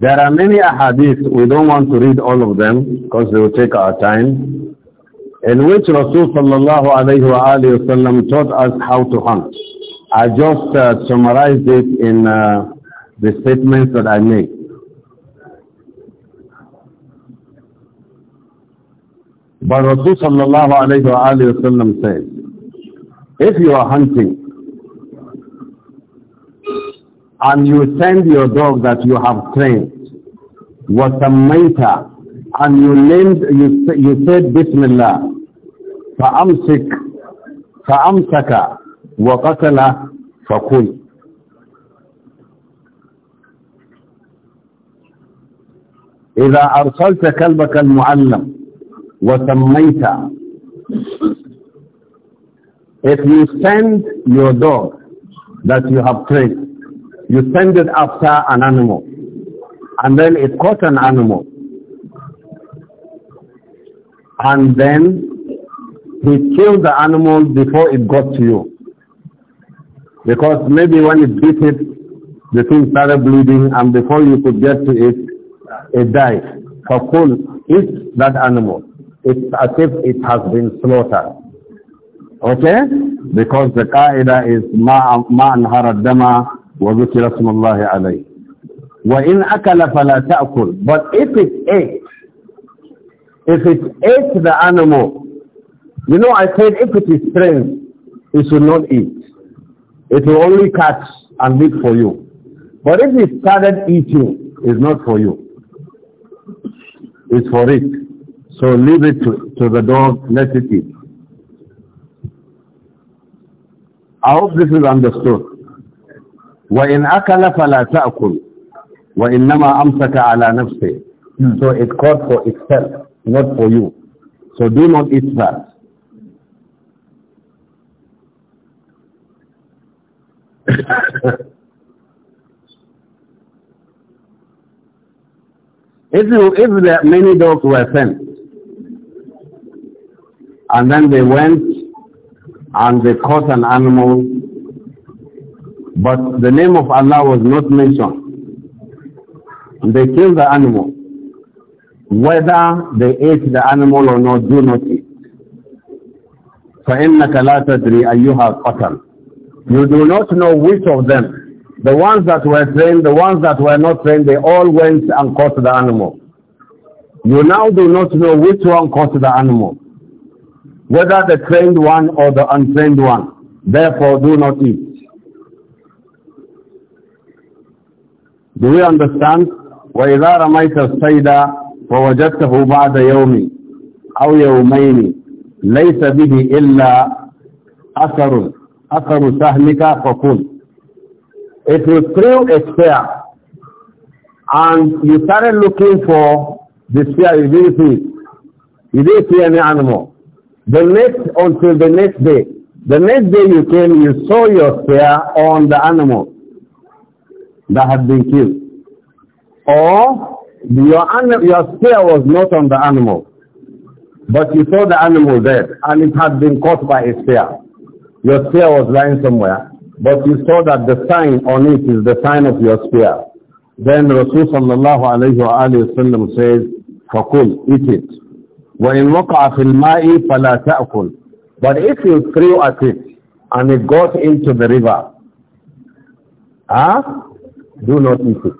There are many ahadith, we don't want to read all of them because they will take our time, in which Rasulullah sallallahu taught us how to hunt. I just uh, summarized it in uh, the statements that I made. But Rasulullah sallallahu alayhi wa alayhi wa sallam says, if you are hunting and you send your dog that you have trained, وَسَمَّيْتَ and you named, you, you said Bismillah, فَأَمْسِكْ فَأَمْسَكَ وَقَتَلَ فَكُلْ إذا أرسلت كلبك المعلم وسميت if you send your dog that you have trained, you send it after an animal, and then it caught an animal, and then he killed the animal before it got to you. Because maybe when it bit it, the thing started bleeding, and before you could get to it, it died. For cool, eat that animal. It's as if it has been slaughtered. Okay? Because the qaida is ma anhara dama wa dhukira smallahi alayhi. Wa in akala fala ta'kul. But if it ate, if it ate the animal, you know I said if it is trained, it should not eat. It will only catch and eat for you. But if it started eating, it's not for you. It's for it. So leave it to, to the dog, let it eat. I hope this is understood. وَإِنْ أَكَلَ فَلَا تَأْكُلْ وَإِنَّمَا أَمْسَكَ عَلَى نَفْسِهِ hmm. So it called for itself, not for you. So do not eat that. if you, if many dogs were sent, and then they went and they caught an animal, but the name of Allah was not mentioned. They killed the animal. Whether they ate the animal or not, do not eat. فَإِنَّكَ لَا تَدْرِي أَيُّهَا قَتَلْ You do not know which of them. The ones that were trained, the ones that were not trained, they all went and caught the animal. You now do not know which one caught the animal whether the trained one or the untrained one. Therefore, do not eat. Do we understand? وَإِذَا رَمَيْتَ الصَّيْدَ فَوَجَدْتَهُ بَعْدَ يَوْمٍ أَوْ يَوْمَيْنِ لَيْسَ بِهِ إِلَّا أَثَرٌ أَثَرُ سَهْمِكَ فَكُلْ If you threw a spear and you started looking for the spear, you didn't see it. You didn't see any animal. The next, until the next day. The next day you came, you saw your hair on the animal that had been killed. Or your, your spear was not on the animal, but you saw the animal dead and it had been caught by a spear. Your spear was lying somewhere, but you saw that the sign on it is the sign of your spear. Then Rasulullah sallallahu alayhi wa sallam says, فَقُلْ Eat it. وَإِنْ وَقَعَ فِي الْمَاءِ فَلَا تَأْكُلْ But if you threw at it and it got into the river, huh? do not eat it.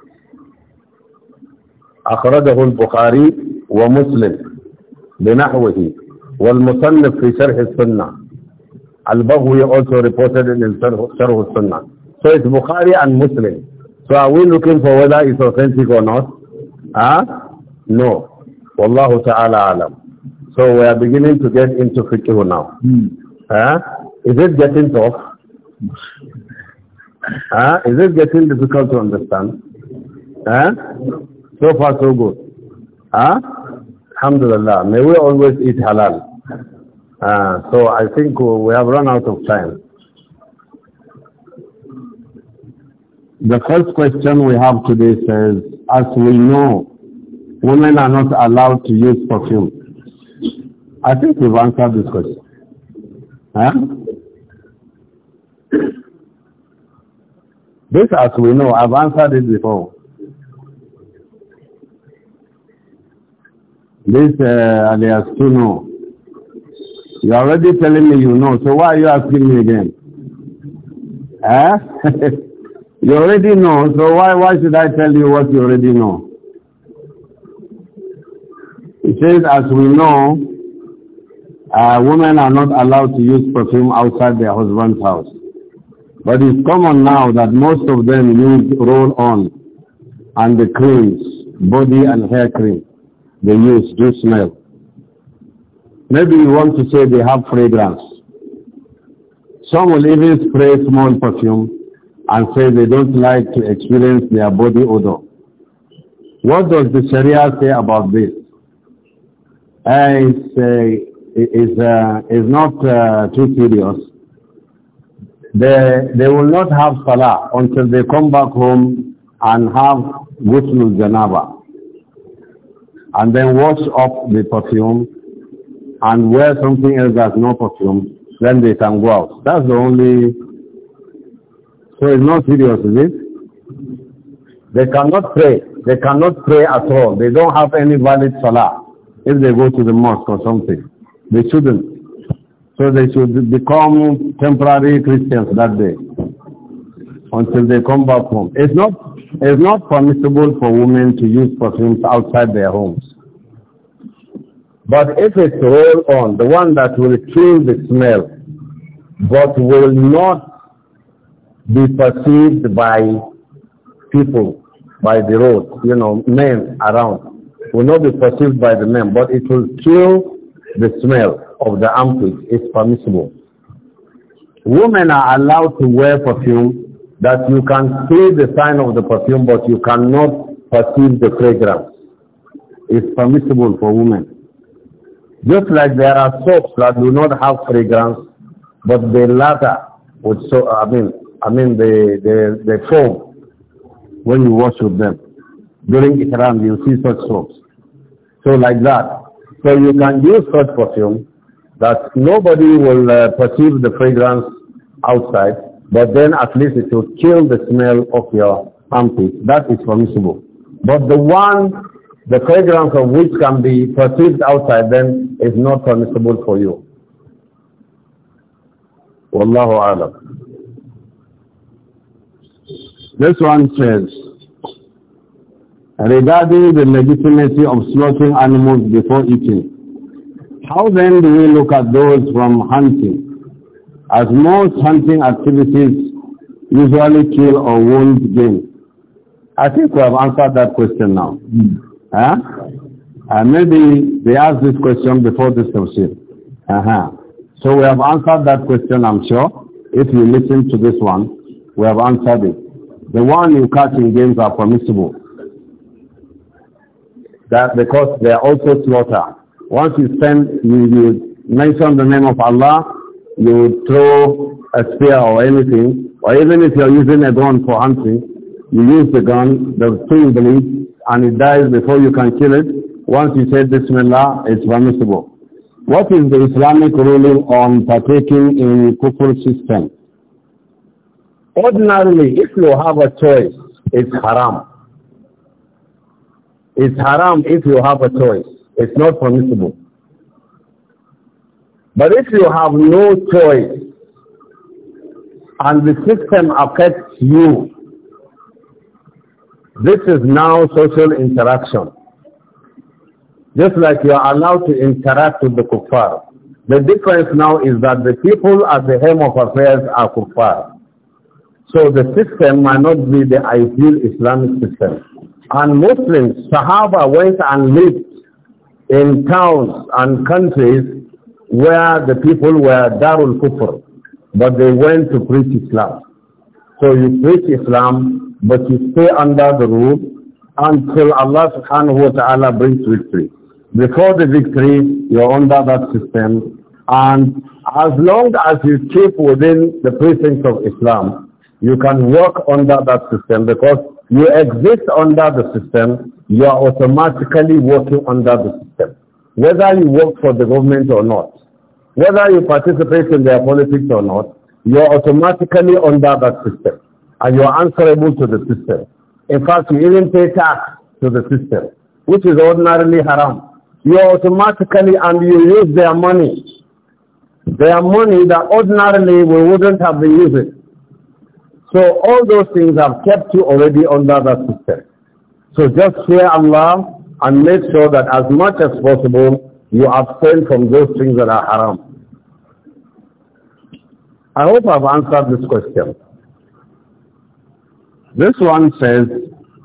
أخرجه البخاري ومسلم بنحوه والمصنف في شرح السنة البغوي also reported in شرح السنة So it's Bukhari and Muslim. So are we looking for whether it's authentic or not? Huh? No. والله تعالى أعلم So we are beginning to get into fiqh now. Uh, is it getting tough? Uh, is it getting difficult to understand? Uh, so far so good. Uh, Alhamdulillah. May we always eat halal. Uh, so I think we have run out of time. The first question we have today says, as we know, women are not allowed to use perfume. I think we've answered this question. Huh? This, as we know, I've answered it before. This, uh, alias know. you're already telling me you know, so why are you asking me again? Huh? you already know, so why, why should I tell you what you already know? It says, as we know, uh, women are not allowed to use perfume outside their husband's house. But it's common now that most of them use roll-on and the creams, body and hair cream. They use to smell. Maybe you want to say they have fragrance. Some will even spray small perfume and say they don't like to experience their body odor. What does the Sharia say about this? I say is, uh, is not uh, too serious, they, they will not have salah until they come back home and have ghusl janaba and then wash off the perfume and wear something else that's no perfume, then they can go out. That's the only... So it's not serious, is it? They cannot pray. They cannot pray at all. They don't have any valid salah if they go to the mosque or something. They shouldn't. So they should become temporary Christians that day until they come back home. It's not, it's not permissible for women to use perfumes outside their homes. But if it's roll-on, the one that will kill the smell, but will not be perceived by people, by the road, you know, men around, will not be perceived by the men, but it will kill the smell of the armpit is permissible. Women are allowed to wear perfume that you can see the sign of the perfume but you cannot perceive the fragrance. It's permissible for women. Just like there are soaps that do not have fragrance but the latter with so I mean I mean the the the foam when you wash with them. During Ihram you see such soaps. So like that, so you can use such perfume that nobody will uh, perceive the fragrance outside, but then at least it will kill the smell of your armpit. That is permissible. But the one, the fragrance of which can be perceived outside then is not permissible for you. Wallahu alam. This one says, regarding the legitimacy of slaughtering animals before eating. How then do we look at those from hunting? As most hunting activities usually kill or wound game. I think we have answered that question now. Mm. Huh? And maybe they asked this question before this tafsir. Uh -huh. So we have answered that question, I'm sure. If you listen to this one, we have answered it. The one you catch in games are permissible that because they are also slaughter. Once you spend, you, you mention the name of Allah, you throw a spear or anything, or even if you're using a gun for hunting, you use the gun, the thing bleeds, and it dies before you can kill it. Once you say Bismillah, it's permissible. What is the Islamic ruling on partaking in kufr system? Ordinarily, if you have a choice, it's haram. It's haram if you have a choice. It's not permissible. But if you have no choice and the system affects you, this is now social interaction. Just like you are allowed to interact with the kuffar. The difference now is that the people at the helm of affairs are kuffar. So the system might not be the ideal Islamic system. And Muslims, Sahaba went and lived in towns and countries where the people were Darul Kufr, but they went to preach Islam. So you preach Islam, but you stay under the rule until Allah subhanahu wa ta'ala brings victory. Before the victory, you're under that system. And as long as you keep within the precincts of Islam, you can work under that system because you exist under the system, you are automatically working under the system, whether you work for the government or not. Whether you participate in their politics or not, you are automatically under that system, and you are answerable to the system. In fact, you even pay tax to the system, which is ordinarily haram. You are automatically, and you use their money, their money that ordinarily we wouldn't have been using so all those things have kept you already under that system. So just fear Allah and make sure that as much as possible you abstain from those things that are haram. I hope I've answered this question. This one says,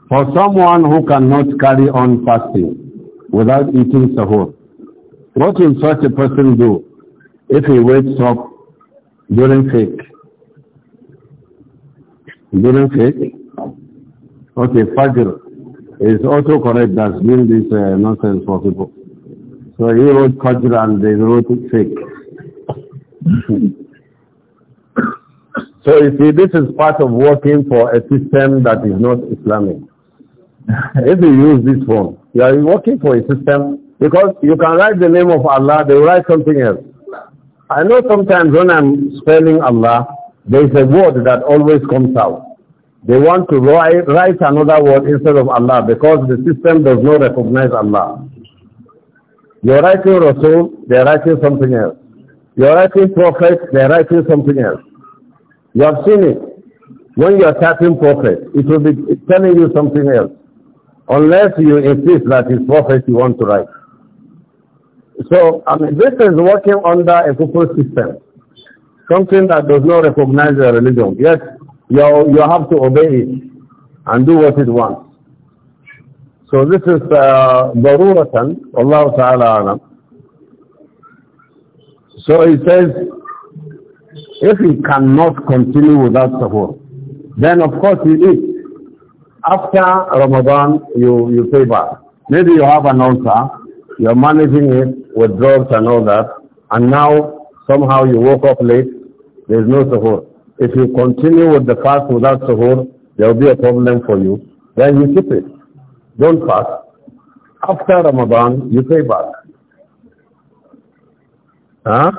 for someone who cannot carry on fasting without eating sahur, what will such a person do if he wakes up during fake? During Fajr? Okay, Fajr is also correct. That's being this uh, nonsense for people. So he wrote Fajr and they wrote fake. So you see, this is part of working for a system that is not Islamic. if you use this form, you are working for a system because you can write the name of Allah, they write something else. I know sometimes when I'm spelling Allah, there is a word that always comes out. They want to write, write another word instead of Allah because the system does not recognize Allah. You're writing Rasul, they're writing something else. You're writing Prophet, they're writing something else. You have seen it. When you're typing Prophet, it will be telling you something else. Unless you insist that it's Prophet you want to write. So, I mean, this is working under a Google system. Something that does not recognize your religion. Yes, you you have to obey it and do what it wants. So this is the uh, Allah Ta'ala alam. So he says, if he cannot continue without sahur, then of course you eat. After Ramadan, you, you pay back. Maybe you have an ulcer, you're managing it with drugs and all that, and now somehow you woke up late, There is no suhoor. If you continue with the fast without suhoor, there will be a problem for you. Then you keep it. Don't fast. After Ramadan, you pay back. Huh?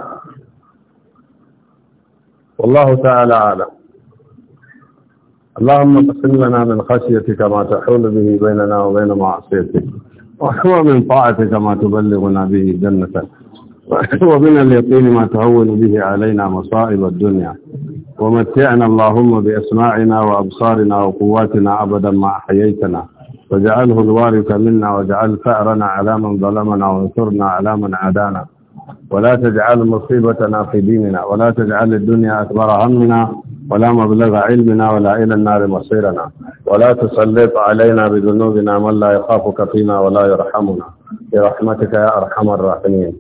والله تعالى أعلم اللهم اقسم لنا من خشيتك ما تحول به بيننا وبين معصيتك واحفظنا من طاعتك ما تبلغنا به جنتك ومن اليقين ما تهون به علينا مصائب الدنيا ومتعنا اللهم بأسماعنا وأبصارنا وقواتنا أبدا ما أحييتنا واجعله الوارث منا واجعل ثأرنا على من ظلمنا وانصرنا على من عادانا ولا تجعل مصيبتنا في ديننا ولا تجعل الدنيا أكبر همنا ولا مبلغ علمنا ولا إلى النار مصيرنا ولا تسلط علينا بذنوبنا من لا يخافك فينا ولا يرحمنا برحمتك يا أرحم الراحمين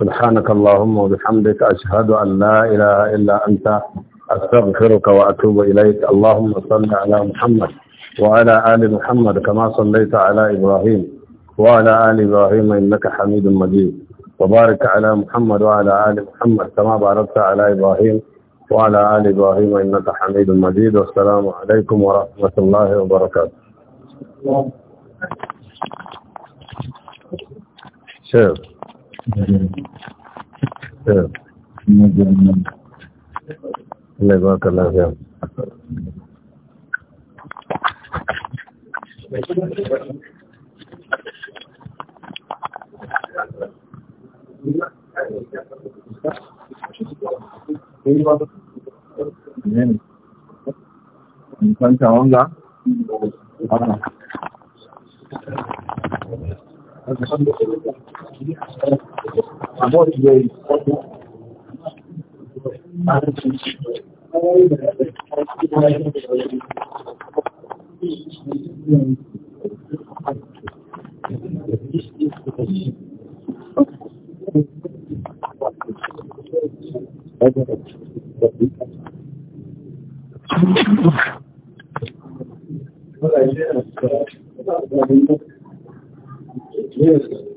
سبحانك اللهم وبحمدك أشهد أن لا إله إلا أنت أستغفرك وأتوب إليك اللهم صل على محمد وعلى آل محمد كما صليت على إبراهيم وعلى آل إبراهيم إنك حميد مجيد وبارك على محمد وعلى آل محمد كما باركت على إبراهيم وعلى آل إبراهيم إنك حميد مجيد والسلام عليكم ورحمة الله وبركاته شكرا Allah ba ka lafiya. Amen. Entonces, about the Thank you. Yes.